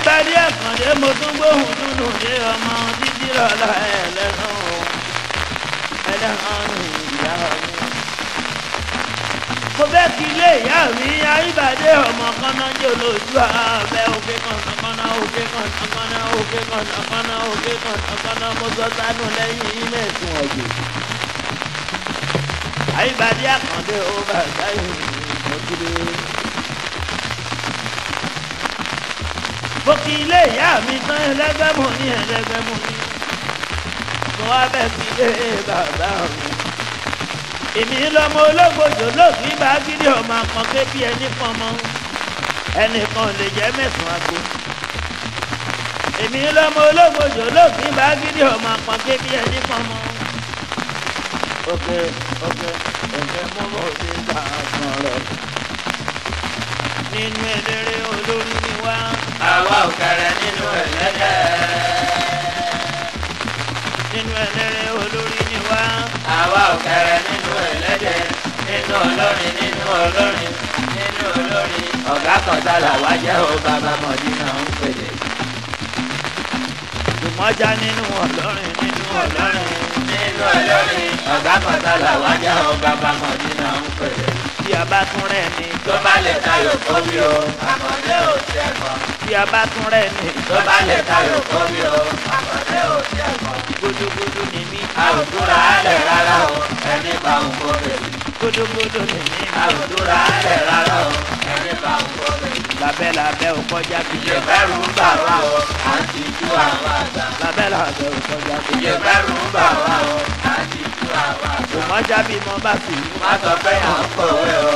níparí àkàndé mo tún gbóhùn dúdú dé ọmọ títí lọ́la ẹlẹ́nu ẹlẹ́nu ìyá mi. mo fẹ́ kí ilé ìyá mi ayíbàdé ọmọ kọ́nájò lójú abẹ́ òkè kọ̀nàkọ́nà òkè kọ̀nàkọ́nà òkè kọ̀nàkọ́nà òkè kọ̀nàkọ́nà mo sọ sánú lẹ́yìn ilé ìsìn ọ̀gbìn. ayíbàdé àkàndé ó bàtà ìrìn òkúrẹ́. mo kì í lé ìyá mi tán ẹlẹ́gbẹ́ mo ní ẹlẹ́gbẹ́ mo ní mo wá bẹ́ẹ̀ fi lé bàbá mi. èmi lọmọ ológbòjò lóògì bá gidi ọmọ àkànkẹ́ bí ẹni kan mọ́ ẹnìkan lè jẹ́ mẹ́sàn-án àgbo. èmi lọmọ ológbòjò lóògì bá gidi ọmọ àkànkẹ́ bí ẹni kan mọ́. òkè òkè ẹ̀fẹ̀ mọ́ bọ̀ ṣe gbà kan rẹ̀ nínú eléré olórí ni wá ẹlẹ́. nínú ẹlẹ́rẹ́ olórí ni wá. àwa ò kẹrẹ nínú ẹlẹ́dẹ̀ nínú olórin nínú olórin nínú olórin ọ̀gá kan sálà wá jẹ́ o bàbá mọ̀dínà ń pèlè. jùmọ̀já nínú olórin nínú olórin nínú olórin ọ̀gá kan sálà wá jẹ́ o bàbá mọ̀dínà ń pèlè bí a bá tún rẹ̀ ni. tó bá lè tayò kómi o àkọlé ò ṣẹ̀kọ̀. bí a bá tún rẹ̀ ni. tó bá lè tayò kómi o àkọlé ò ṣẹ̀kọ̀. gbódúgbódú ni mí. a ò dúra alẹ̀ rárá o ẹni bá ń kó bèbí. gbódúgbódú ni mí. a ò dúra alẹ̀ rárá o ẹni bá ń kó bèbí. labẹ́ labẹ́ ò kọjá bí. ìjẹ̀bẹ̀rù ń bà wá o àti ju àwọn àgbà. labẹ́ ò kọjá bí. ìjẹ̀bẹ̀rù ń bà wá o kò mọ jábí mọ bá sì yí. má sọ pé mò ń pòwe o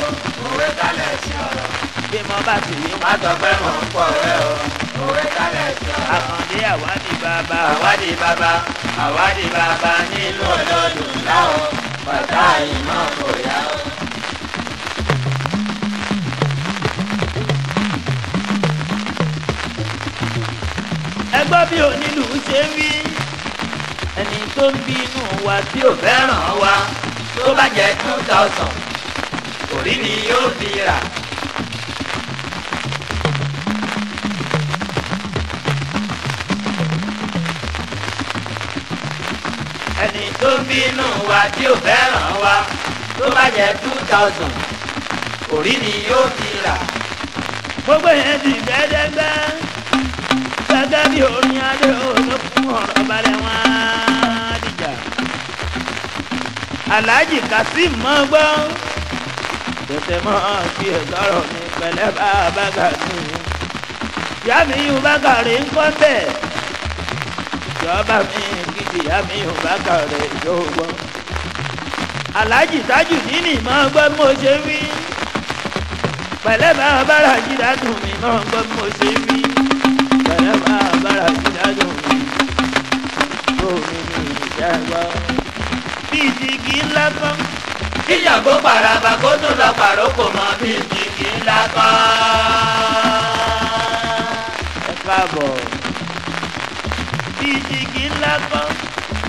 òwe kálẹ̀ sí ọ̀rọ̀. bí mọ bá sì yí. má sọ pé mò ń pòwe o òwe kálẹ̀ sí ọ̀rọ̀. àkàndé àwádìí bàbá. àwádìí bàbá àwádìí bàbá nílùú olódùn láwọn bàtà ìmọ̀ kò yá o. ẹgbọ́n bí onílù ṣe ń rí ẹni tó ń bínú wa tí ò fẹ́ràn wa tó bá jẹ́ two thousand kò ni yóò fi rà. ẹni tó bínú wa tí ò fẹ́ràn wa tó bá jẹ́ two thousand kò ni yóò fi rà. gbogbo yẹn ti dẹ́dẹ́gbẹ́ gẹ́gẹ́ bí orin adé olókùn ọ̀rọ̀ balẹ̀ wọn á Alhaji Kasim mọ́ gbọ́ tètè mọ́ kí ẹ sọ̀rọ̀ mi pẹ̀lẹ́ bá a bá gà mí. Ìyá mi yóò bá gàrí ń kọ́ tẹ̀. Ìjọba mi gidi ìyá mi yóò bá gàrí yóò gbọ́. Alhaji Tajudeen mọ́ gbọ́ mo ṣe wí pẹ̀lẹ́ bá a bára yíra dùn mí mọ́ gbọ́ mo ṣe wí ayọ̀ omi ni ìjàgbá. paraba kó tó lọ pàrọ̀ kò mọ bíjìgì ńlá kan. ẹ káàbọ̀. bíjìgì ńlá kan.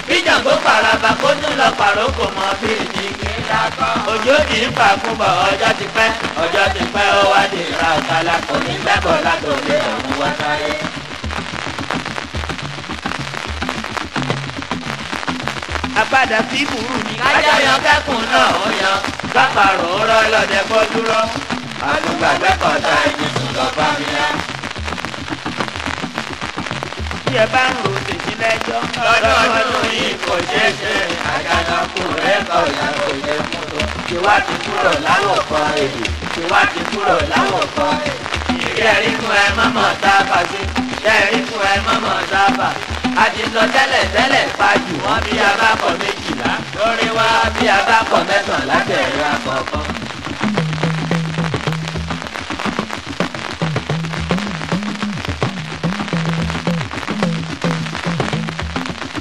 kíyàgò paraba kó tó lọ pàrọ̀ kò mọ bíjìgì ńlá kan. òjò kì í fà fún bọ̀ ọjọ́ ti pẹ́ ọjọ́ ti pẹ́ ó wá di ìra ọ̀tá lákòó nígbàgbọ́ látòkè òun wá sáyé. àpadà sí ìbúrú ni. kájà yan kẹ́kùn náà ó yan kápárò ó rọ́ lọ́dẹ kó dúró. àtúgbàgbẹ́ kọ̀ọ̀tà ìbùsùn lọ bá mi yá. bí ẹ bá ń ro tèmi lẹ́jọ́. lọ́dún ọdún yìí kò ṣeé ṣe àjànàkú rẹ̀ kọ̀ yàtọ̀ yẹ mú lọ. tiwa ti kúrò láwọ̀ kan èdè tiwa ti kúrò láwọ̀ kan èdè. ìrẹ́rìkún ẹ mọ́mọ́ sábà sí ìrẹ́rìkún ẹ mọ́mọ́ sábà sí a ti lọ tẹ́lẹ̀ tẹ́lẹ̀ pa jù wọ́n bí a bá kọ méjìlá lórí wa bí a bá kọ mẹ́tànlá tẹ̀lé àkọ́kọ́.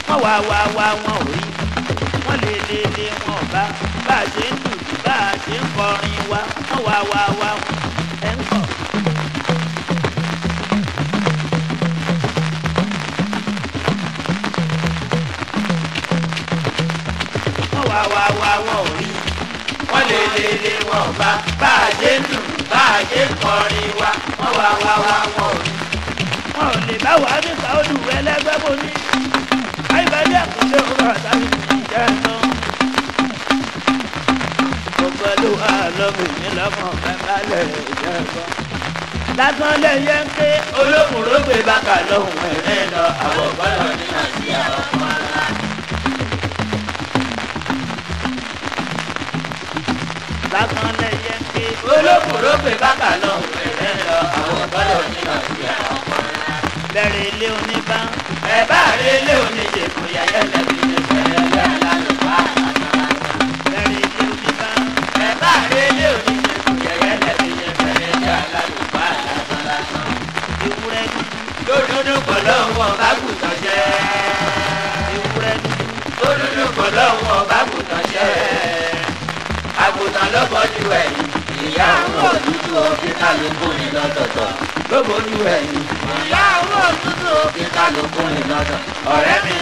wọ́n wá wá wá wọn ò rí wọ́n lè lè lè wọn bá bá a ṣe ń dùn bá a ṣe ń kọrin wa wọ́n wá wá wá wọn. wa wọn ò rí wọ́n lè lè lè wọ́n bá bá a ṣe ń dùn bá a ṣe ń kọrin wa wọ́n wá wá wá wọn ò rí. wọn ò lè bá wa ní sàódù ẹlẹgbẹ́ bó ní àyíbáyé àkùnlé òun àtàlù ìjẹ́ náà. gbogbo ló wà lọ́mù mi lọ́mọ bàbá lẹ̀ ìjẹ́ bọ́. lásán lẹ́yìn ké olókùn ló gbé bàkà lọ́hùn ẹ̀rẹ́ lọ àwọn ọ̀gbọ́n lọ ní nàìjíríà. olókùrógbè bákà lọ òfèrè lọ àwọn bọ́lá onílọ ìyá ọkọ. bẹ̀rẹ̀ ilé oníbá. ẹ̀ bá rẹ̀ ilé oníjẹ̀kọ̀ yàyà lẹ́bi lẹ́bi. dandan. ọ̀rẹ́ mi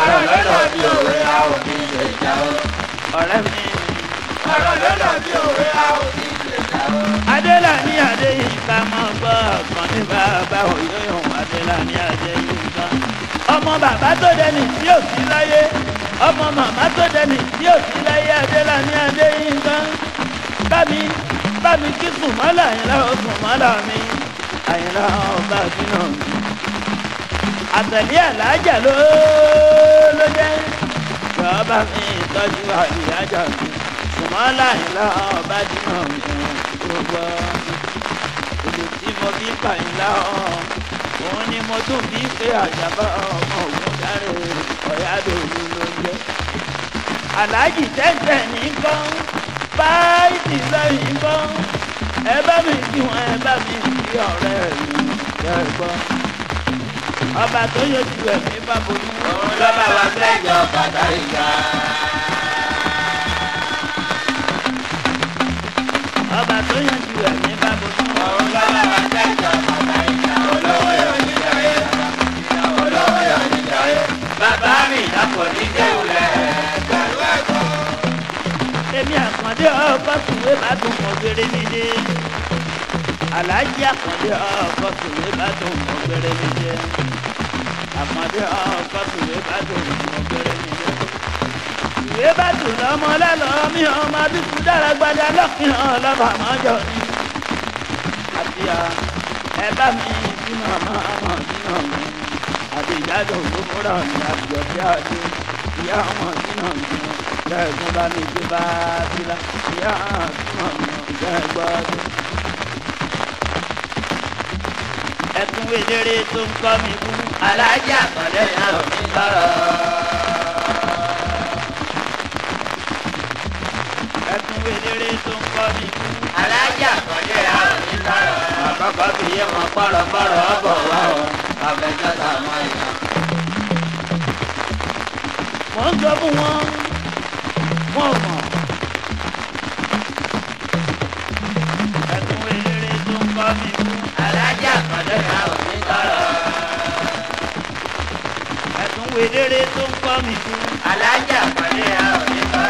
ọ̀rọ̀ lọ́dọ̀ bí òwe a ò ní lè jà o. ọ̀rẹ́ mi ọ̀rọ̀ lọ́dọ̀ bí òwe a ò ní lè jà o. Adélàní Adéyínká mọ́ gbọ́ ọ̀kan ní bàbá òye òun Adélàní Adéyínká. ọmọ bàbá tó dẹni tí ò sí láyé ọmọ màmá tó dẹni tí ò sí láyé Adélàní Adéyínká. bámi bámi kí sùnmọ́lá Àyìnlá ó sùnmọ́lá mi Àyìnlá ọba àbínú mi àtẹ̀lé àlájà ló ló jẹ́ bàbá mi tọ́jú àlìyájà mi ṣùgbọ́n láìlá ọba dínà mi ò gbọ́ èdè tí mo fi ń pààyàn láwọn òun ni mo tún fi ń pe àjàbá ọmọ òun sáré ọ̀yádòwú ló jẹ́ aláàjì tẹ́tẹ́ ní kọ́ báyìí sẹ́yìn kọ́ ẹ bá mi kí wọn ẹ bá mi kí ọ̀rẹ́ mi kẹ́ gbọ́ ọba tó yọjú ẹ̀mí bá borí. òun lọ́ba wa fẹ́jọ bàtà ìyá. ọba tó yọjú ẹ̀mí bá borí. òun lọ́ba wa fẹ́jọ bàtà ìyá. olówó yóò ní jọyè. olówó yóò ní jọyè. bàbá mi dàpọ̀ ní déwulẹ̀ pẹ̀lú èmi àkàndé ọkọ̀ sùwé bá dùn mọ́ gbére nílé alájí àkàndé ọkọ sùnwé bá tó mọ gbẹrẹ mi jẹ àkàndé ọkọ sùnwé bá tó mọ gbẹrẹ mi jẹ. ìwé bá tù lọ́mọ lálọ́ mi hàn máa bí kú dára gbajà lọ́kì hàn lọ́ba àmọ́jọ ni. àbíyá ẹ bá mi sínú àmọ́ àmọ́ sínú mi àti ìdájọ́ òṣòfòrà mi àti mi lẹ́ẹ̀kún mi gbé bá a ẹkún eléré tó ń kọ́ mi kú. alájà kọ̀lẹ́ náà ò ní sọ̀rọ̀. ẹkún eléré tó ń kọ́ mi kú. alájà kọ̀lẹ́ náà ò ní sọ̀rọ̀. àkọ́kọ́ fi yé wọn pọ̀rọ̀pọ̀rọ̀ ọ̀bọ̀ wá o àfẹjọ́ ta mọ́ ìyá. wọ́n ń jọ fún wọn wọ́n mọ̀. wèrèrè tó ń pa mi fún. alájà pàdé àrùn nípa.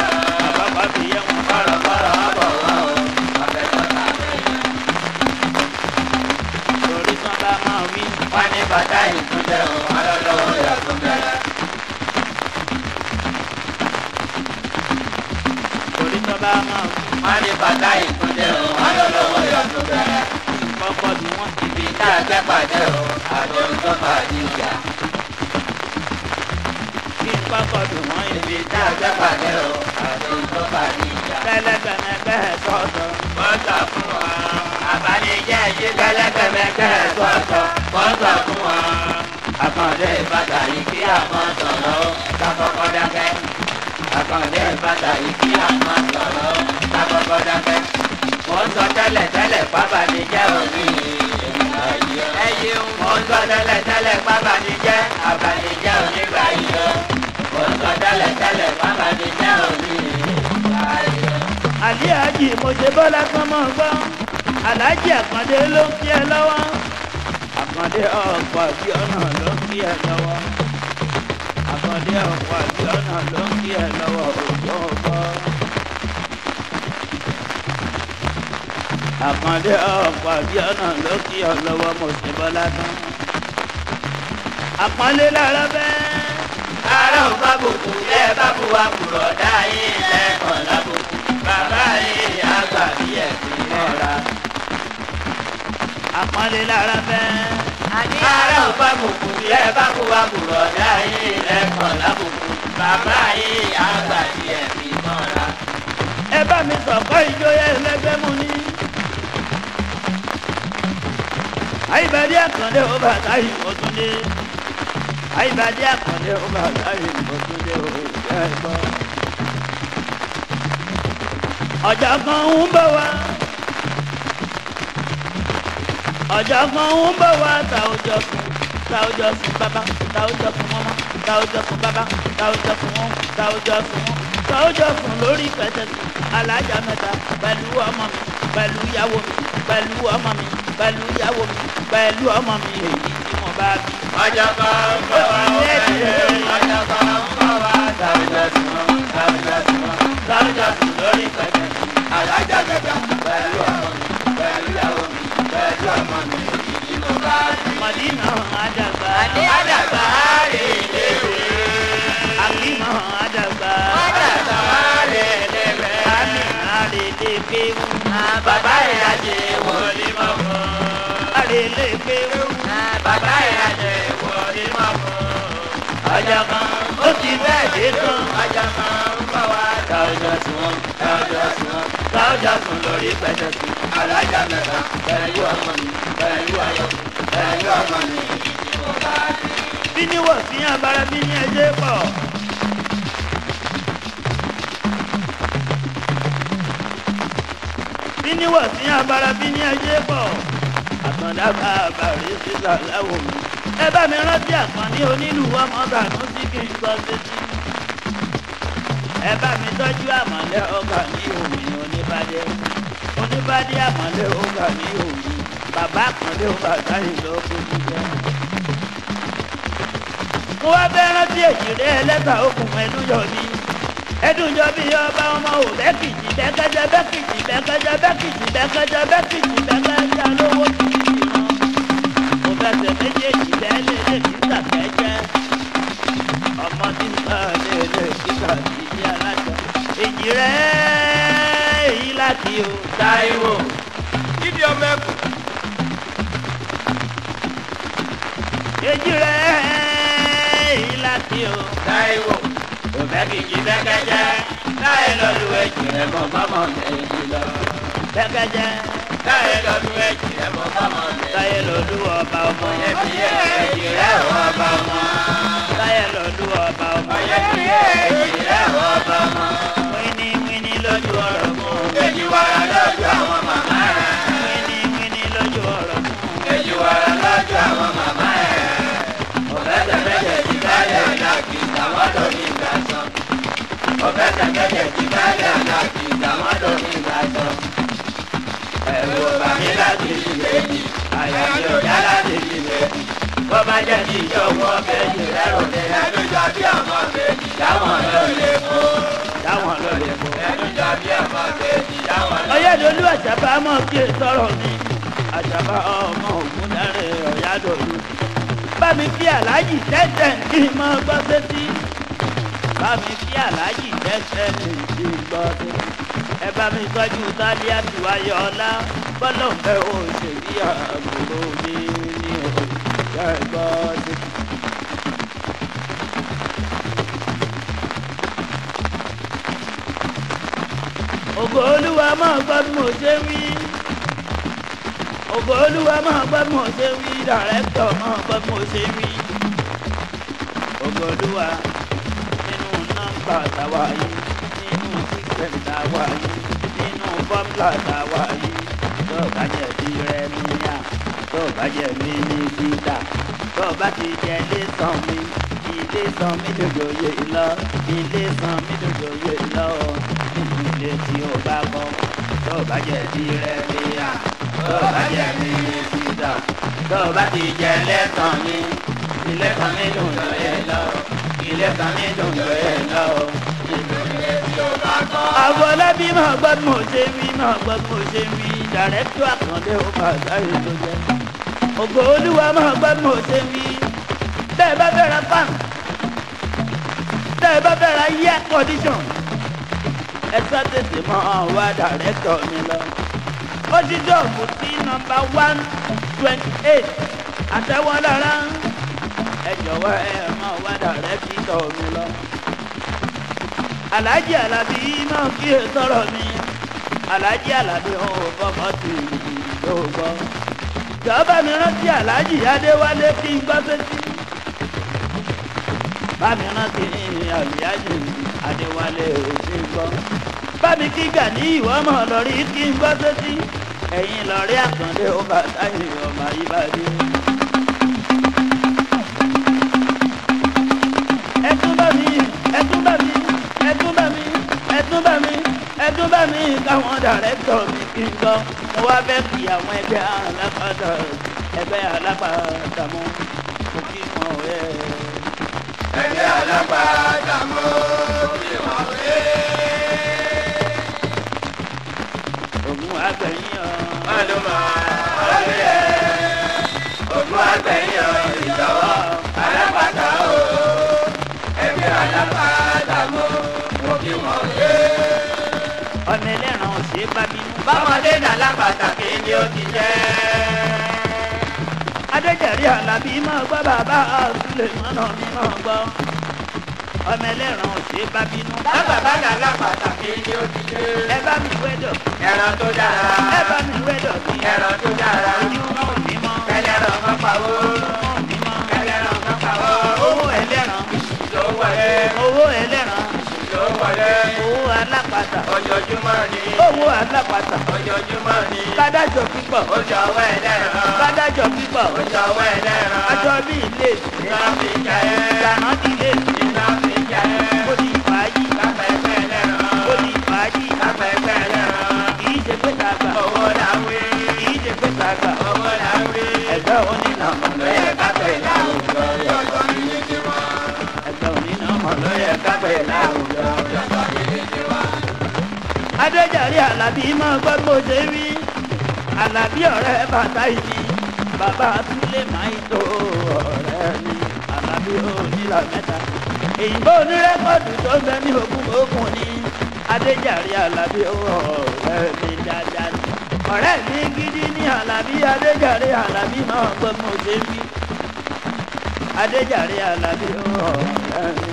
bàbá bá fi yẹ wọn. bọ̀rọ̀bọ̀rọ̀ àbọ̀ wá o àfẹ́sọ̀tà àfẹ́yà. torí tán bá máa wí. wọ́n ní bàtà ìtúndẹ̀ o alọ́lọ́wọ́ yàtọ̀ bẹ́ẹ̀. torí tán bá máa wí. wọ́n ní bàtà ìtúndẹ̀ o alọ́lọ́wọ́ yàtọ̀ bẹ́ẹ̀. ìkọ́kọ́ ni wọ́n ti fi tá a gbẹ́ pàdé o àjọ tó bá a ní ìyá bá kọdù mọ́ ibi tá a fẹ́ pàdé o àti tó pàdé ìjà. tẹlẹgbẹmẹgbẹ sọ̀tọ̀. kọ́ńtà fún wa. àbálẹ̀jẹ́ yìí tẹlẹgbẹmẹgbẹ sọ̀tọ̀. kọ́ńtà fún wa. àkàndé ìbàdà yìí kí àmọ́ sọ̀rọ̀ dákẹ́. àkàndé ìbàdà yìí kí àmọ́ sọ̀rọ̀ dákẹ́. mo ń sọ tẹ́lẹ̀ tẹ́lẹ̀ pápá mi jẹ́ òní ẹ̀yìn mo ń sọ tẹ́lẹ̀ tẹ́lẹ̀ pápá mi jẹ́ àbàlẹ̀ jẹ́ onígbà yìí Òǹkọ̀ tẹ́lẹ̀tẹ́lẹ̀ bàbá mi jẹ́ òní ayọ̀. Àlíhájì Mòṣe Bọ́lá kan mọ̀ gbọ́. Àlájì Àkàndé ló ń kí ẹ lọ́wọ́. Àkàndé ọ̀pọ̀ àbí ọ̀nà ló ń kí ẹ lọ́wọ́. Àkàndé ọ̀pọ̀ àbí ọ̀nà ló ń kí ẹ lọ́wọ́ òjò ọ̀pọ̀. Àkàndé ọ̀pọ̀ àbí ọ̀nà ló ń kí ẹ lọ́wọ́ Mòṣe Bọ́lá kan. Àpọ́nlé lára bẹ́ẹ̀ àárọ̀ fábùkù lẹ́ bábù wa kùrọ̀ dá yín lẹ́kàn lábùkù bàbá yín àgbà bí ẹ̀sìn mọ́ra. àpọ́nlé lára fẹ́. àárọ̀ fábùkù lẹ́ bábù wa kùrọ̀ dá yín lẹ́kàn lábùkù bàbá yín àgbà bí ẹ̀sìn mọ́ra. ẹ bá mi sọ̀kọ́ ìjọ yẹn lẹ́gbẹ́ mú ní. àyíbẹ̀rẹ̀ àkàndé ó bàtà ìfọ̀túndé àyíbádé àkàndé ọmọ àgbáyé ìbọ̀dúndé òòjà ẹ̀gbọ́n. ọjà kan ń bọ̀ wá ọjà kan ń bọ̀ wá ta ọjọ́ kan ta ọjọ́ fún bàbá ta ọjọ́ fún mọ́mọ́ ta ọjọ́ fún bàbá ta ọjọ́ fún wọn ta ọjọ́ fún wọn ta ọjọ́ fún lórí pẹ̀tẹ́sì alájà mẹ́ta pẹ̀lú ọmọ mi pẹ̀lú ìyàwó mi pẹ̀lú ọmọ mi pẹ̀lú ìyàwó mi pẹ̀lú ọmọ mi bá bí. ọjà bá ń bọ̀ wá ọ̀rẹ́ ọjà bá ń bọ̀ wá dábìlà sùn dábìlà sùn dábìlà sùn lórí pẹ̀lẹ́. alájà gẹ́gẹ́ pẹ̀lú ọmọ mi pẹ̀lú ẹ̀wọ̀n mi pẹ̀lú ọmọ mi ìlú bá rí. mọ̀línà àdàbà àdàbà rè léwé. àmìmọ̀ àdàbà àdàbà rè léwé. àmìmọ̀ rè léwé. bàbá rẹ̀ àjẹ́ wọlé mọ́. àrè léwé. àjàkàn ó ti bẹ́ẹ̀ dé tán àjàkàn ń bá wa. táwọjà sùn wọn táwọjà sùn wọn táwọjà sùn lórí pẹ̀tẹ̀ sùn. alájà mẹ́ta bẹ̀rẹ̀ yóò ọmọ mi bẹ̀rẹ̀ yóò ayọ̀ bẹ̀rẹ̀ yóò ọmọ mi. bí ní wọ̀ sí abara bí ní ẹjẹ́ pọ̀. bí sí abara bí ní pọ̀. àtọ̀dá bàrí sísà láwùmí ẹ bá mi rántí àkànní onílù ọmọ bàánú sí kí n sọ sétí. ẹ bá mi tọ́jú àmọ̀lẹ́ ọkà ní òní oníbàdé oníbàdé àmọ̀lẹ́ ọkà ní òní bàbá àkànlé ọkà táyìn lọ fojú jẹ. mo wá fẹ́ rántí èyí rẹ̀ ẹlẹ́ta okùn ẹnu yọ ni ẹdùnjọ bí ọba ọmọ ò bẹ́kìtì bẹ́kẹ́jẹ bẹ́kìtì bẹ́kẹ́jẹ bẹ́kìtì bẹ́kẹ́jẹ bẹ́kìtì bẹ́kẹ́jẹ. ìrẹ́ èyí láti o. Táíwò. Jíde ọmọ ẹ̀kú. Èjì rẹ̀ èyí láti o. Táíwò. Òfẹ́ kìkì dẹ́kẹ́jẹ́ láì lọ lu ẹ̀jì rẹ̀ mọ́ mọ́mọ́ lọ. Dẹ́kẹ́jẹ́. Láì lọ lu ẹ̀jì rẹ̀ mọ́ mọ́mọ́ lẹ́yìn. Táyé lọ ọba ọmọ. Ẹ̀mí ẹ̀jì rẹ̀ ọba ọmọ. Táyé lọ ọba ọmọ. Ẹ̀mí ẹ̀jì rẹ̀ ọba ọmọ èyí wàrà lójú àwọn màmá ẹ̀. kínníkínní lójú ọ̀rọ̀ fún. èyí wàrà lójú àwọn màmá ẹ̀. ọ̀bẹ̀tẹ̀ méje ti kálẹ̀ àlàkì táwọn tó ní ìgbà sọ. ọ̀bẹ̀tẹ̀ méje ti kálẹ̀ àlàkì táwọn tó ní ìgbà sọ. ẹ̀rù ọba mi láti ilé yìí àyàjọ yá láti ilé yìí. bọ́bá jẹ́ kí ìjọ wọ́n fẹ́ yìí rẹ́rùn ní ẹ̀ẹ́dẹ́gbẹ̀jọ bí ọmọ mi ìyá wọn ló lè mú. ọ̀yádolú àjàbá mọ̀ kí ẹ sọ̀rọ̀ mi àjàbá ọmọ ògùn dáre ọ̀yádolú bá mi fi aláàjì tẹ́tẹ́ kí n mọ gbọ́ sétí bá fi aláàjì tẹ́tẹ́ kí n gbọ́ sétí ẹ bá mi sálí àtiwáyọ̀ ọ̀la bọ́lọ̀ fẹ́ òṣèré àgbòrò mi ní ọ̀gá ẹ̀gbọ́n sétí. ògo olúwa máa gbọ́ bí mo ṣe wí ògo olúwa máa gbọ́ bí mo ṣe wí dàrẹ́tọ̀ máa gbọ́ bí mo ṣe wí ògo olúwa nínú nọ́mbà tàwa yìí nínú sísẹ̀mù tàwa yìí nínú fọ́mùlà tàwa yìí tó bá jẹ́ bí rẹ níyà tó bá jẹ́ mi ní títà tó bá ti jẹ́ lé sàn mi ilé sàn mi dòjò yé lọ ilé sàn mi dòjò yé lọ ṣe tí o bá kọ́ tó bá jẹ bí rẹ níyà tó bá jẹ bí sísọ tó bá ti jẹ lẹ́tàn mi ilé mi dùn lóye lọ ilé mi dùn lóye lọ. Àwọn máa gbọ́ bí mo ṣe wí máa gbọ́ bí mo ṣe wí dàrẹ́tọ̀ àkàndé ó máa sáré tó jẹ. Ògo Olúwa máa gbọ́ bí mo ṣe wí tẹ́ ẹ bá fẹ́ ra fan tẹ́ ẹ bá fẹ́ ra yẹ́ condition ẹ sọ tètè mọ wá dàrẹ́tọ̀ mi lọ. ó ti dọ̀bù sí nọmba one twenty eight àtẹwọ́ lára ẹ jọ̀wọ́ ẹ mọ wá dàrẹ́tọ̀ mi lọ. Alhaji Alabi náà kí ẹ sọ̀rọ̀ mi Alhaji Alabi ò gbọ́mọ tì í ló gbọ́. ìjọba mi rántí Alhaji Adéwálé kí n gbọ́ sétí. bá mi rántí Alhaji Adéwálé òṣè gbọ́. bámi kí Gani ìwọ mọ̀ lórí kí n gbọ́ sétí ẹ̀yin lọ́rí àkàndé ó bá táyé ọmọ ayíbádé. ẹtún bá mi ẹtún bá mi ẹtún bá mi ẹtún bá mi ẹtún bá káwọn dàrẹ́tọ̀ mi kí n gbọ́ mo wá fẹ́ kí àwọn ẹgbẹ́ alápàdà ẹgbẹ́ alápàdà mọ́ kò kí wọn ọ̀rẹ́ ẹgbẹ́ alápàdà mọ́ kí wọn ọ̀rẹ́ àgbẹ̀yìn ọ̀. Àdùnmọ̀ ọ̀lẹ́ ògùn àgbẹ̀yìn ọ̀ ìjọ̀wọ́ alápàtà o. mo mo kí wọ́n lé. Ọ̀nà ẹlẹ́ran ò ṣeé bá mi mú. Bámọdé nà lápàtà kí ni ó ti jẹ́. Adéjẹ̀rí Àlàbí máa gbọ́ bàbá Sùlẹ̀mọ́nà mi máa gbọ́ ọmọ ẹlẹ́ran ọ̀sẹ̀ bá bínú. lábàá bá gàgà pàtàkì ni ó ti dé. ẹ bá mi wẹ́dọ̀. ẹran tó dára. ẹ bá mi wẹ́dọ̀ sí. ẹran tó dára. ojú wọn ò ní mọ́. ẹlẹ́ran kan pawó. ojú wọn ò ní mọ́. ẹlẹ́ran kan pawó. owó ẹlẹ́ran. ló wọlé. owó ẹlẹ́ran. ló wọlé. owó alápàtà. ojoojúmọ́ ni. owó alápàtà. ojoojúmọ́ ni. kádájọ pípọ̀. ojú ọwọ́ ẹlẹ́ran. kádájọ pípọ̀. ojú ọwọ́ ẹlẹ́ran. adéjàre alábí mọ gbọ́gbọ́ ṣe wí alábí ọ̀rẹ́ bàtà ìdí bàbá túlé máa ń tó ọ̀rẹ́ mi alábí onílà mẹ́ta èyìnbó onírẹ́kọ̀dù tó ń bẹ ní ogún ogún ni adéjàre alábí ọ̀rẹ́ mi dáadáa ọ̀rẹ́ mi gidi ní alábí adéjàre alábí mọ gbọ́gbọ́ ṣe wí adéjàre alábí ọ̀rẹ́ mi.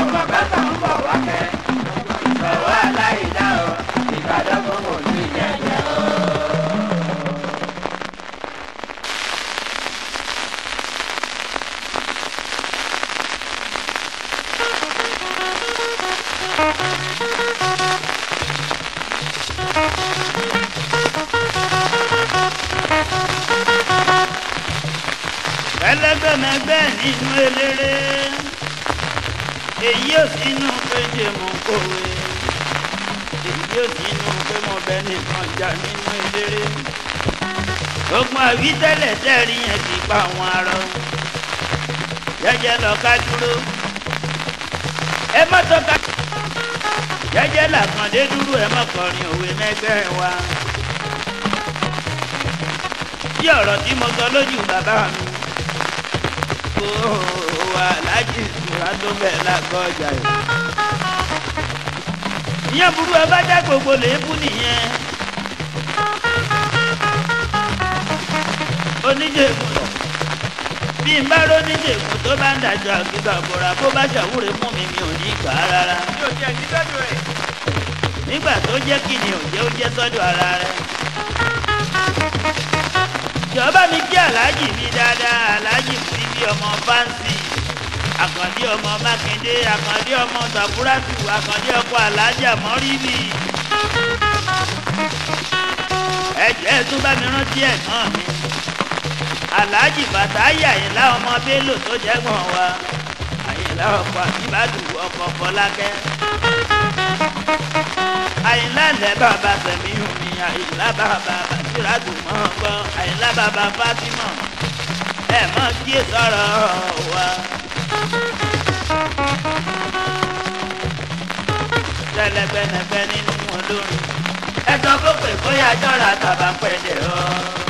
wí tẹ́lẹ̀ tẹ́rí yẹn ti pa àwọn arọ jẹ́jẹ́ lọ ká dúró ẹ má tọ́ka jẹ́jẹ́ làkàndé dúró ẹ má kọrin òwe mẹ́gbẹ́ wa bí ọ̀rọ̀ tí mo sọ lójú bàbá mi kó wà láti ìṣúra tó bẹ̀ lágọ̀ọ́jà yìí ìyẹn burú ẹ bá dá gbogbo lèébù nìyẹn. oníjẹ ìkùtọ̀ bí n bá róníjẹ ìkùtọ̀ bá ń dàjọ àgbégbà bọ̀rà kó bá ṣàwúre mú mi mi ò ní gbà á rárá. mi ò jẹ́ kí sọ́dọ̀ rẹ̀. nígbà tó jẹ́ kí ni ò ó jẹ́ sọ́dọ̀ ara rẹ̀. ìjọba mi kí aláàjì mi dáadáa aláàjì mi bí ọmọ fáǹsì àkàndé ọmọ mákindé àkàndé ọmọ sàbúrátù àkàndé ọkọ alájà mọ́rìlì ẹ̀jẹ̀ tún bá mi rántí ẹ̀ mi aláàjì bàtáyà àyìnlá ọmọ bélò tó jẹ́gbọ̀n wa àyìnlá ọkọ̀ àbíbádùn ọkọ̀ fọlákẹ́ àyìnlá lẹ́ bàbá sẹ̀mí omi àyìnlá bàbá bàtíràdùn mọ́ ọgbọ́n àyìnlá bàbá fátímọ̀ ẹ̀ mọ́ kí sọ̀rọ̀ wa. tẹ́lẹ̀ bẹ́nẹ̀bẹ́ nínú wọn lórí ẹ̀sán kó pè kó yá jọ́ra tàbá pẹ̀lẹ́ ọ́.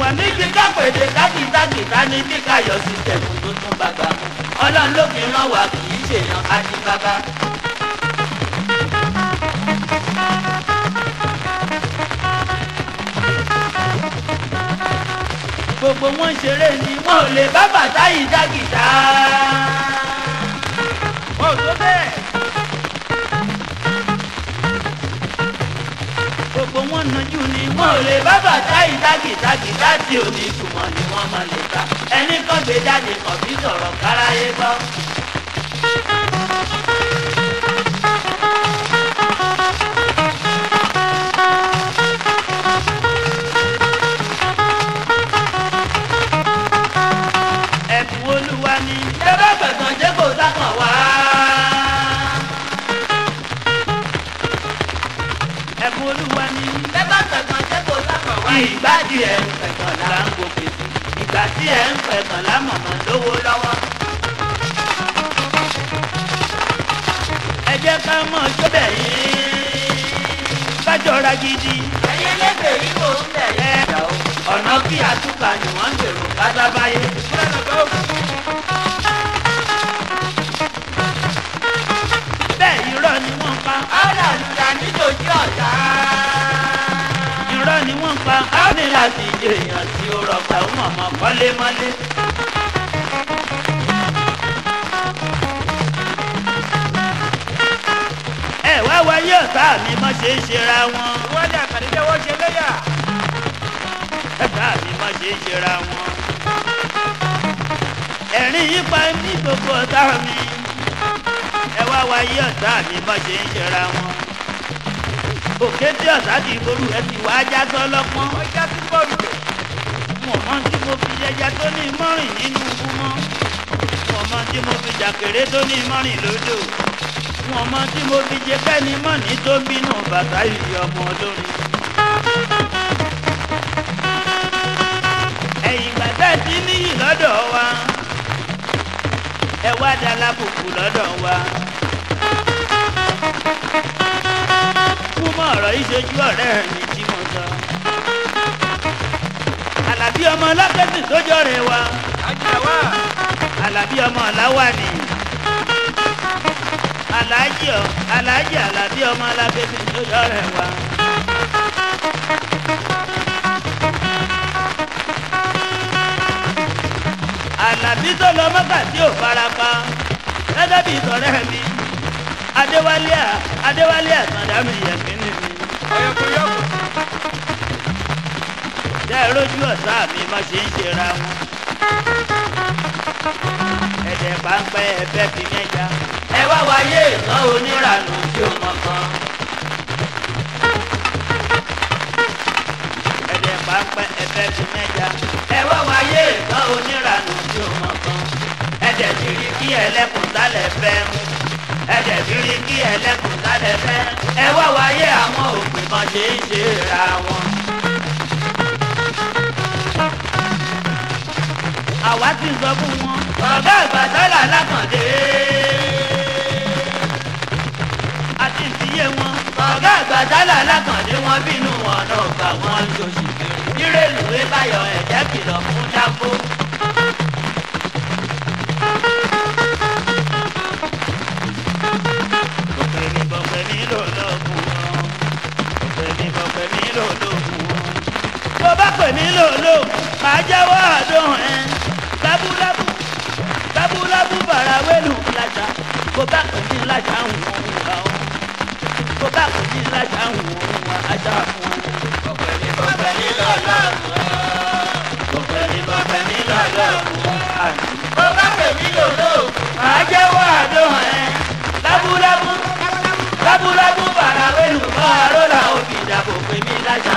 wẹ̀ mí kí kápẹ̀dé kákìtákìtá ní bí káyọ̀ sí tẹ̀kùn tó tún bàbá mu ọlọ́run ló fi rán wa kì í ṣèyàn adibaba. gbogbo wọn ṣeré ni wọn ò lè bá bàtà yìí jágìdá. wọn ò tó bẹ́ẹ̀. wọ́n nàjú ni wọ́n ò lè bá bàtà ìtàkìtàkì láti òní ìkùmọ̀ ni wọ́n máa lè ta ẹni kan gbé jáde kan bí sọ̀rọ̀ káráyé gbọ́. ẹ̀bùn olúwa ni. lámọ̀mọ́ lówó lọ́wọ́. ẹ jẹ́ ká mọ̀ sóbẹ̀ yìí kájọra gidi. ẹyẹ lẹ́bẹ̀ẹ́ yìí kò ń bẹ̀rẹ̀ ẹ̀dá o ọ̀nà kí àtúkà ni wọ́n ń gbèrò kásábáyé. ti yé èèyàn tí ó rọgbà ó mọ̀mọ́ kọ́lémọ́lé. ẹ wá wáyé ọ̀tá mi mọ́ ṣe é ṣera wọn. ìwádìí àkàndínlẹ̀ wọ́n ṣe léyà. ọ̀tá mi mọ́ ṣe é ṣera wọn. ẹ̀rín yípa ní gbogbo ọ̀tá mi. ẹ wá wáyé ọ̀tá mi mọ́ ṣe é ṣera wọn òkété ọ̀sáàdì ìború ẹ ti wá ajá tó lọ́pọ́n. ọjà tí bọ́ọ̀lù rẹ̀. mo mọ tí mo fi jẹjà tó ní mọ́rìn nínú ikú mọ́. mo mọ tí mo fi jàkèrè tó ní mọ́rìn lódò. mo mọ tí mo fi jẹ fẹ́ni mọ́ni tó bínú bàtà yìí ọmọ olórin. ẹ̀yìn bàtà ti níyì lọ́dọ̀ wa ẹ wá dá lábùkù lọ́dọ̀ wa ọ̀rọ̀ yìí ṣojú ọ̀rẹ́ mi tí mo sọ. àlàbí ọmọ lápẹ́sì sójú ọ̀rẹ́ wa. àlàbí ọmọ ọ̀làwà ni. àlàájì ọ̀ àlàájì àlàbí ọmọ lápẹ́sì sójú ọ̀rẹ́ wa. àlàbí tó lọ mọ́kà tí ò farapa gẹ́gẹ́ bí ìtọ̀rẹ́ mi adéwálé àtàndá mi yẹn ọ̀yọ̀kùnyọ̀kù. ẹ lójú ọ̀sá mi má ṣe ń ṣera wọn. ẹ̀dẹ̀ pàǹpẹ́ ẹ̀fẹ́ fi mẹ́ja. ẹ wá wáyé ìtàn oníranù tí ó mọ̀ kan. ẹ̀dẹ̀ pàǹpẹ́ ẹ̀fẹ́ fi mẹ́ja. ẹ wá wáyé ìtàn oníranù tí ó mọ̀ kan. ẹ̀dẹ̀ tìrí kí ẹlẹ́kùn sálẹ̀ fẹ́ mú ẹ̀jẹ̀ fírí kí ẹlẹ́kùn kálẹ̀ fẹ́ ẹ wá wáyé àwọn òpin kan ṣe ń ṣe ra wọn. àwa ti sọ fún wọn ọ̀gá àgbàdọ́là lákàndé. àti ìdíyé wọn ọ̀gá àgbàdọ́là lákàndé wọn bínú wọn náà gbà wọn lóṣù. ìrèlùwé báyọ̀ ẹ̀jẹ̀ kìlọ̀ fún dáko. èmi lòlò máa jẹ́wọ́ àdóhùn ẹ̀ lábúlábú lábúlábú bàrà wẹ́lù làjà kó bá kò ní làjà ń wọ̀ ń wá ọ́ kó bá kò ní làjà ń wọ̀ ń wá ajá fún ọ. ọ̀gbẹ̀ni bọ̀gbẹ̀ni lọ́lọ́ ọ̀gbẹ̀ni bọ̀gbẹ̀ni lọ́lọ́ kó bá kò ní lòlò máa jẹ́wọ́ àdóhùn ẹ̀ lábúlábú lábúlábú bàrà wẹ́lù bàrà lọ́la òbí ìdàbò pèmí làjà.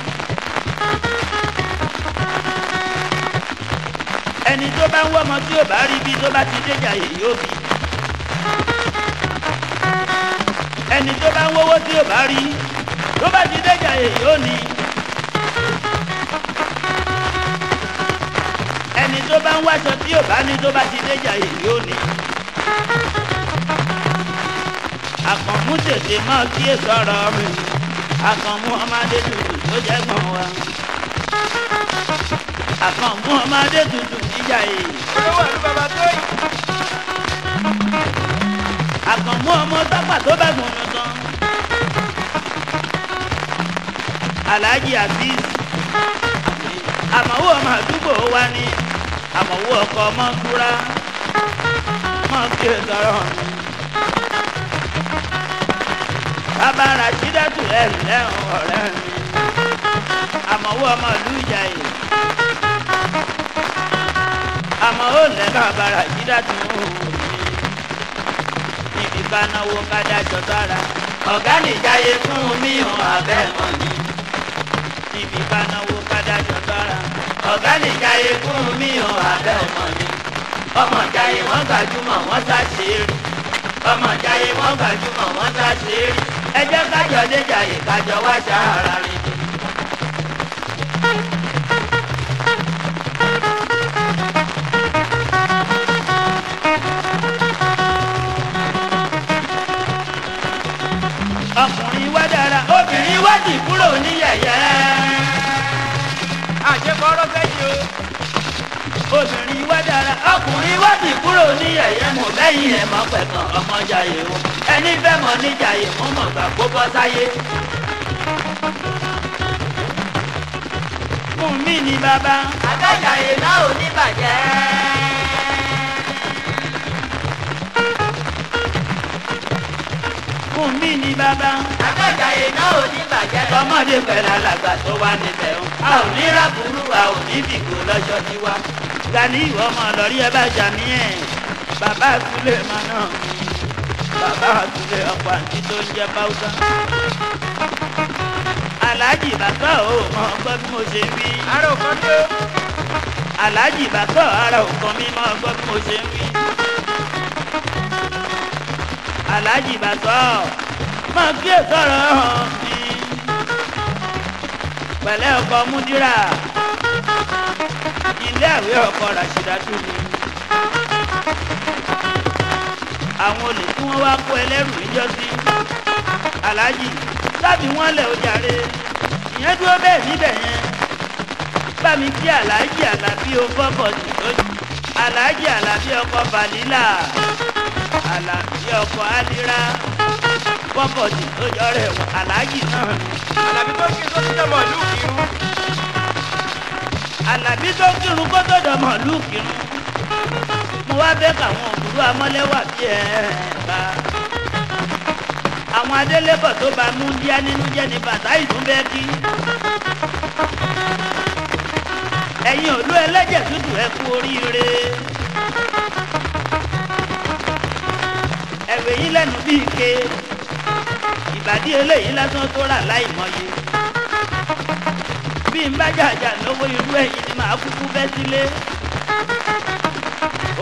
ẹni tó bá ń wọ́mọ tí ò bá rí bí tó bá ti déjà yìí yóò bí ẹni tó bá ń wọ́wọ́ tí ò bá rí tó bá ti déjà yìí yóò ní. ẹni tó bá ń wáṣọ tí ò bá ní tó bá ti déjà yìí yóò ní. àkànmú tètè mọ́ kí èso ọ̀rọ̀ mi àkànmú ọmọdé tuntun tó jẹ́ gbọ̀n wa fún ọmọdé tuntun ìjà yìí. àkànmú ọmọ sápà tó bá gùn yàn tán. alhaji azeez àmọ̀wó ọmọ àdúgbò wa ni àmọ̀wó ọkọ ọmọ kúra máa fi ìtọ́rọ̀ mi. bàbá rashidatu ẹ̀ lẹ́hìn ọ̀rẹ́ mi àmọ̀wó ọmọ ìlú ìjà yìí ọmọ ó lẹ kábàárà jídá tí ó wù mí níbi ká náwó ká dájọ sára ọ̀gá nìjáyé fún mi hàn abẹ́ mọ̀ ni níbi ká náwó ká dájọ sára ọ̀gá nìjáyé fún mi hàn abẹ́ mọ̀ ni ọmọ ìjáyé wọ́n gbajúmọ̀ wọ́n sá rí ọmọ ìjáyé wọ́n gbajúmọ̀ wọ́n sá rí ẹjọ́ kájọ lè jàyè kájọ wá ṣàárá rí. ọkùnrin wá dára obìnrin wá dì kúrò ní yẹ̀yẹ́. àṣekọ̀rọ̀ fẹ́jì o obìnrin wá dára ọkùnrin wá dì kúrò ní yẹ̀yẹ́ mọ̀ lẹ́yìn ẹ̀ mọ̀ pẹ̀kan ọmọ jàyè o ẹni fẹ́ mọ̀ níjàyè mọ̀ mọ̀ gbà kó bọ́ sáyé. fún mi ni bàbá. àgbàjà èèlà ò ní bàjẹ́. fún mi ní bàbá. àgbàjà iná ò ní bàjẹ́. ọmọdé pẹ̀lú alàgbà tó wà níbẹ̀ o. a ò ní rábùrú a ò ní fìgò lọ́jọ́ tiwa. Gani ìwọ ọmọ lọ́rí ẹ bá jàmí ẹ̀. bàbá àtúlẹ̀ máa náà. bàbá àtúlẹ̀ ọ̀pọ̀ àǹtí tó ń jẹ báwùsà. aláàjì bàtà ò mọ ọgbọ́n bí mo ṣe wí. ara ò mi o. aláàjì bàtà ara ò mi mọ ọgbọ́n bí mo ṣe wí. aláàjì bàtọ́ máa kí èso ọ̀rọ̀ hàn mí pẹ̀lẹ́ ọkọ̀ múdírà ilé àwẹ̀ ọkọ̀ ràṣìdàtú ni àwọn olè tí wọ́n wá kó ẹlẹ́rù níjọ́sí aláàjì láti wọ́n lẹ̀ ó jàre ìyẹn dúró bẹ́ẹ̀ níbẹ̀ yẹn bá mi kí aláàjì àlàbí o fọ́fọ́ sí lójú aláàjì àlàbí ọkọ̀ bàlílà àlàjì ọkọ̀ àlìrà bọ́kọ̀tì tó jọ rẹ̀ wọ aláàjì náà àlàbí tó kí n tó ti dẹ̀ mọ̀lú kírun. àlàbí tó kírun kó tó dẹ̀ mọ̀lú kírun. mo wá bẹ́ káwọn òkúrú amọ́lẹ́wà bí ẹ bá. àwọn adélébọ̀ tó bá mú díá nínú jẹ́ ní bàtà ìdúnbẹ́ kí ẹ̀yin òlú ẹlẹ́jẹ̀ tútù ẹ kú oríire. ẹ̀wẹ̀ yín lẹ́nu bí ike ìbàdí eléyìí lásán tó rà láì mọye bí n bá jàjà lówó irú ẹ̀yìn ni màá kúkú bẹ́ sílé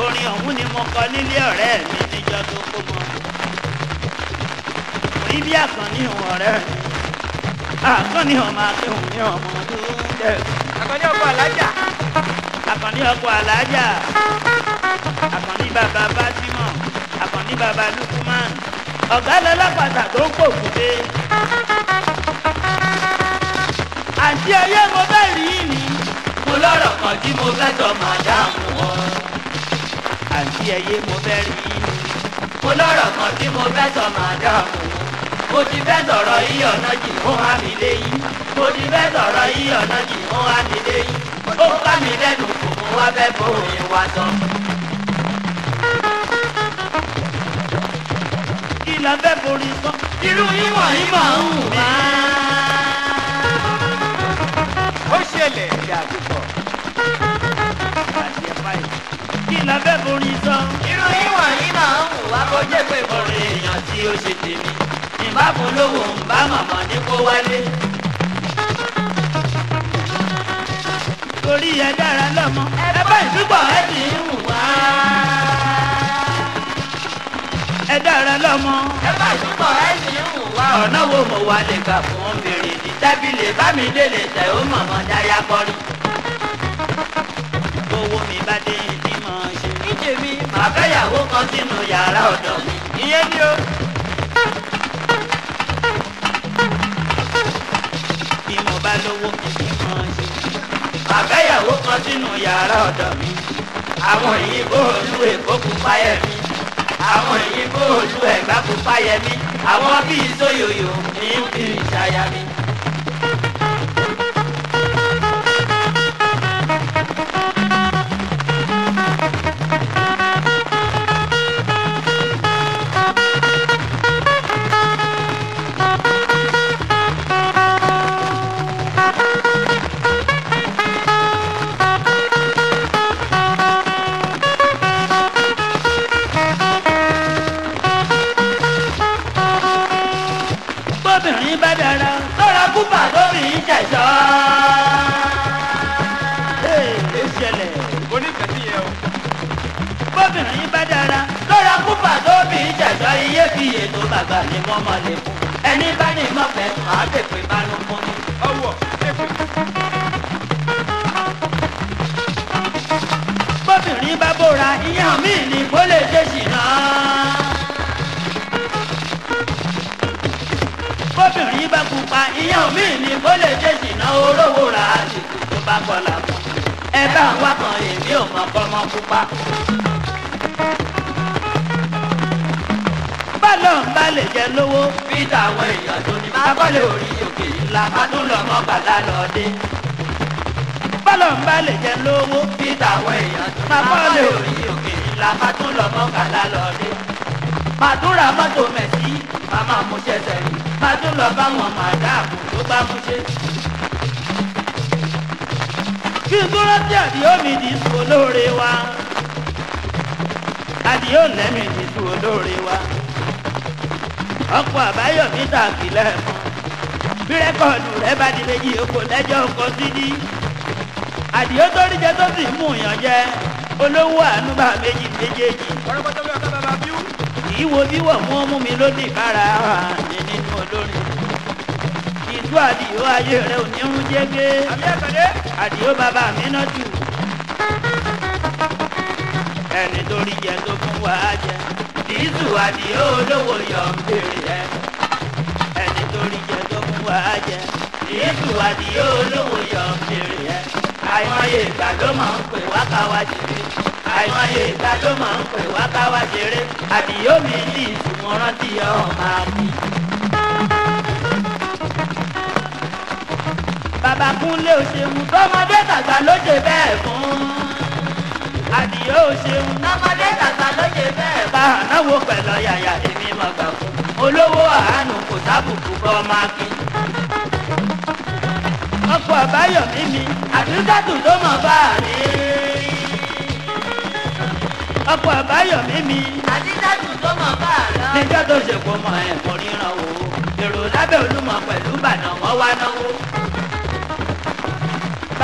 orin ọ̀hún ni mo kọ nílé ọ̀rẹ́ mi níjọ́ tó kó mọ́ rí bí àkànní ìwọ̀n ọ̀rẹ́ mi àkànní ọmọ akéwòn ní ọmọ ọdún jẹ. àkànní ọkọ alájà. àkànní ọkọ alájà àkànní bàbá bá ti àkànní baba lukuman ọ̀gá lọ́lọ́pàá tó ń pòkúté. àti ayé mo bẹ́ẹ̀ rí ni. mo lọ́rọ̀ kan tí mo fẹ́ tọ́ màdáàmù wọn. àti ayé mo bẹ́ẹ̀ rí ni. mo lọ́rọ̀ kan tí mo fẹ́ tọ́ màdáàmù wọn. mo ti fẹ́ sọ̀rọ̀ iye ọ̀nà jì fún àmì lẹ́yìn. mo ti fẹ́ sọ̀rọ̀ iye ọ̀nà jì fún àmì lẹ́yìn. ó bá mi lẹ́nu kò mú wá fẹ́ bóun ìwà sọ. la fẹ́ forí irú yín wọ̀nyí máa ń wù ó ṣẹlẹ̀ ní àdúgbò. kí la fẹ́ forí irú yín wọ̀nyí máa ń wù kó jẹ́ pé mo èèyàn tí ó ṣe tèmi. ìbá polówó ń bá màmá ní kó wálé. torí ẹ dára lọ́mọ. ẹ bá ìdúgbò ẹ ti wá. lọ́mọ. ẹ bá túbọ̀ ẹ sì ń hùwà ọ̀nà wo mo wà lè gbà fún obìnrin ní tábìlì bá mi lè lè tẹ̀ ó mọ̀mọ́ dáyà kọ́rí. owó mi bá dé ìdí mọ̀ ṣe ní tèmi màá fẹ́yàwó kan sínú yàrá ọ̀dọ̀ mi. ìyẹn ni o. bí mo bá lówó kìkì mọ̀ ṣe màá fẹ́yàwó kan sínú yàrá ọ̀dọ̀ mi. àwọn òyìnbó olú èkó kú fáyẹ̀ mi àwọn èyí bó olú ẹ̀gbá kó fáyẹmí àwọn bíi sóyòyò ní bí ìṣàyàmí. ni wọ́n mọ̀ lè fún. ẹni bá ní mọ̀fẹ́ máa pèpè bá ló mú ni. ọwọ́ pèpè. bóbìnrin bá bóra ìyá mi ni kó lè ṣe ṣìnà. bóbìnrin bá pupa ìyá mi ni kó lè ṣe ṣìnà olówó ra àsìkò tó bá kọlà fún. ẹ bá ń wá kan èmi ò mọ̀ kọ́mọ pupa. tọ́lọ́run bá lè jẹ lówó. bí táwọn èèyàn tó ní máa kọ́lé orí òkè ńlá máa tún lọ mọ́ bàtà lọ dé. tọ́lọ́run bá lè jẹ lówó. bí táwọn èèyàn tó ní máa kọ́lé orí òkè ńlá máa tún lọ mọ́ bàtà lọ dé. máa mọ́tò mẹ́sì máa máa mú ṣẹṣẹ rí máa tún lọ tó bá mú kí n tó rántí àdìyó mi dì sùn olóore wa àdìyó lẹ́mìí dì sùn olóore ọkọ̀ àbáyọ̀ mi tàbí lẹ́ẹ̀mọ́ bí rẹ́kọ̀dù rẹ bá di méjì oko lẹ́jọ́ oko sídí àdìó tó ríjẹ tó sì mú yàn jẹ olówó ànúbà méjì méjèèjì kì í wo bí wọ̀ mú ọmú mi lódì bára ní nínú olórin ìlú àdìó ayé rẹ ò ní rún jẹ́gẹ́ àdìó bàbá mi náà jù ẹni tó ríjẹ tó fún wa jẹ dísù àdì olówó yọ ń bèrè ẹ ẹni tó rí jẹ tó mú wá jẹ dísù àdì olówó yọ ń bèrè ẹ àìmọye ìgbà ló máa ń pè wá jèrè àìmọye ìgbà ló máa ń pè wá jèrè àdìyó mi ní ìsìnkú rántí ọ̀hún máa bí. bàbá kúnlé òṣèlú tọmọdé tàgbà ló bẹ́ẹ̀ fún un àdìyẹ ò ṣeun. ọmọdé tàgbà ló ṣe bẹ́ẹ̀ bá ànáwó pẹ̀lú yàyà èmi mọ̀ gbà fún. olówó àánú kò sábùkù kọ́ máa kí. ọkọ̀ àbáyọ̀mí mi àdúgbàtù ló mọ̀ bá a rí. ọkọ̀ àbáyọ̀mí mi àdúgbàtù ló mọ̀ bá a rí. níjọ́ tó ṣe kó mọ ẹ̀kọ́ ríran o èrò lábẹ́ olúmọ pẹ̀lú bànà wọ́n wá náwó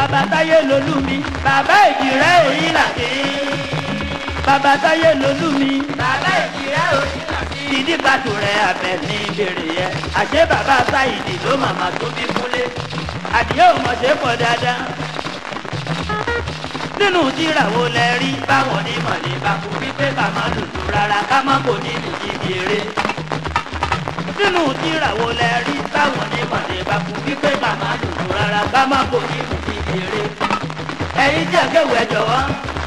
bàbá táyé lolú mi bàbá ìdìrẹ́ òyìn làbí. bàbá táyé lolú mi bàbá ìdìrẹ́ òyìn làbí. ìdí pàtó rẹ̀ abẹ ní ìbéèrè yẹ àṣé bàbá sáyidì ló màmá tó bí kúlé àdìyẹ ò mọ̀ ṣe pọ̀ dáadáa nínú tíràwó lẹ rí báwọn ní mọ̀lẹ́ bá kú wípé bàmá lùlù rárá ká má kò ní nìyí kéré nínú tíràwó lẹ rí báwọn ní mọ̀lẹ́ bá kú wípé bàmá lùlù rárá ká má kò ní nìyí eré ẹ̀yin tí a kéwèé jọ̀wọ́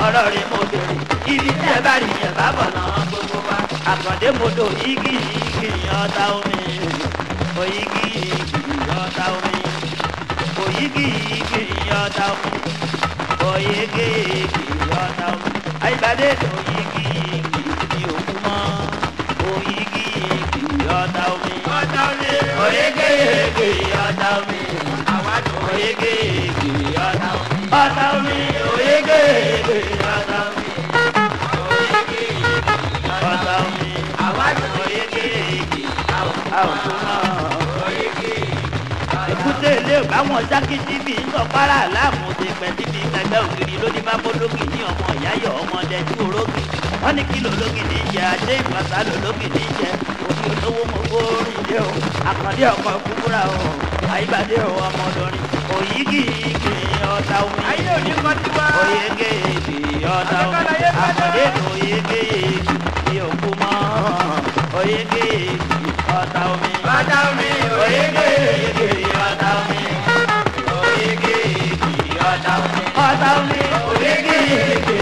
ọ̀rọ̀ rẹ̀ mo bèrè ibi tí ẹ bá rí yẹn bá bọ̀ náà gbogbo wa àkàndé mo do igi igi ọ̀tá omi òyigi igi ọ̀tá omi òyigi igi ọ̀tá omi òyege igi ọ̀tá omi àyíbádé òyigi igi ni òkú mọ́ òyigi igi ọ̀tá omi òyege igi ọ̀tá omi òyege igi bàtà omi òyege èdè bàtà omi òyege èdè bàtà omi àwàdùn òyege èdè àwòtò náà òyege èdè. èkúté ilé ìbáwọn jákèjì bí sọ para láàmú ti pẹ̀ síbi gbẹgbẹ́ ògiri lóní bá bólógì ní ọmọ ìyáyọ̀ ọmọdé tí orógì wọ́n ní kí lòlógìní jẹ ajé ìpàtà lòlógìní jẹ òní olówó mo gbórí dé o àkàndé ọkọ kúkúrà o àyíbádé o ọmọ ọdọrin òyìgì igi ọ̀tá omi ayé òní kan ti wá oyege igi ọ̀tá omi àkàndé oyege igi òkú mọ́ oyege igi ọ̀tá omi ọ̀tá omi ọ̀tá omi oyege igi ọ̀tá omi ọ̀tá omi oyege igi.